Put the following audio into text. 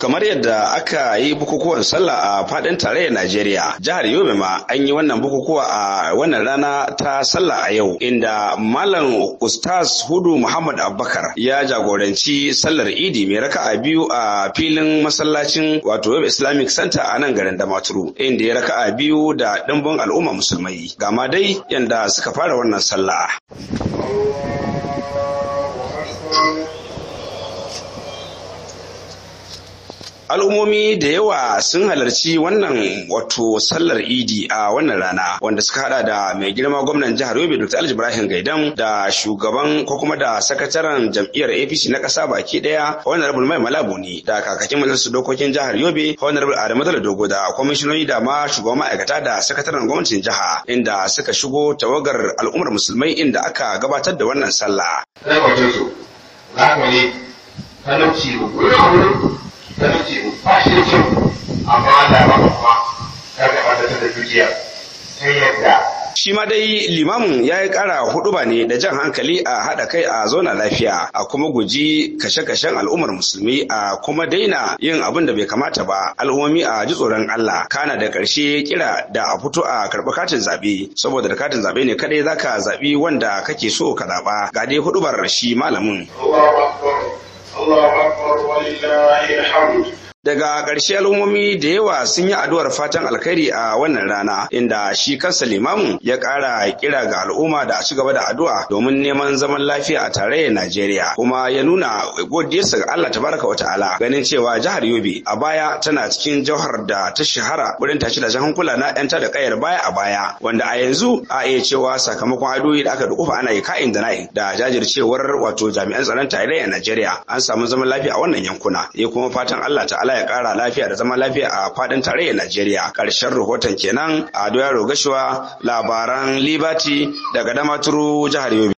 Kamar yadda aka yi bukukuwan sallah a fadin tarayyar Najeriya, jihar Yobe ma an yi wannan bukukuwa a wannan rana ta sallah a yau, inda Malam Ustaz Hudu Muhammad Abubakar ya jagoranci sallar Idi mai raka a biyu a filin masallacin wato Yobe Islamic Center a nan garin Damaturu, inda ya raka a biyu da dimbin al'umma musulmai. Gama dai yanda suka fara wannan sallah. al'ummomi da yawa sun halarci wannan wato sallar idi a wannan rana wanda suka hada da mai girma gwamnan jihar yobe dr alhaji ibrahim gaidam da shugaban ko kuma da sakataren jam'iyyar apc na ƙasa baki daya honorable mai malabu ne da kakakin majalisar dokokin jihar yobe honorable adamu dala dogo da kwamishinoni da ma shugaban ma'aikata da sakataren gwamnatin jiha inda suka shigo tawagar al'ummar musulmai inda aka gabatar da wannan sallah. ba shi amma kuma ta da dukiya ta yadda shi ma dai limamin ya yi kara huduba ne da jan hankali a haɗa kai a zona lafiya a kuma guji kashe-kashen al'ummar musulmi a kuma daina yin abin da bai kamata ba al'ummomi a ji tsoron Allah kana da karshe kira da a fito a karɓi katin zaɓe saboda da katin zaɓe ne kadai zaka zaɓi wanda kake so ka zaɓa ga dai hudubar shi malamin. الله أكبر ولله الحمد Daga ƙarshe al'ummomi da yawa sun yi addu'ar fatan alkhairi a wannan rana inda shi kansa limamin ya ƙara kira ga al'umma da a ci gaba da addu'a domin neman zaman lafiya a tarayyar Najeriya kuma ya nuna godiyarsa ga Allah tabaraka wa ta'ala ganin cewa jihar Yobe a baya tana cikin jihar da ta shahara wurin tashi da hankula na 'yan da kayar baya a baya wanda a yanzu a iya cewa sakamakon addu'o'i da aka dukufa ana yi ka'in da na'in da jajircewar wato jami'an tsaron tarayyar Najeriya an samu zaman lafiya a wannan yankuna ya kuma fatan Allah ta'ala Allah ya kara lafiya da zaman lafiya a fadin tarayyar Najeriya. Karshen rahoton kenan a Doya Rogashuwa labaran Liberty daga Damaturu jihar Yobe.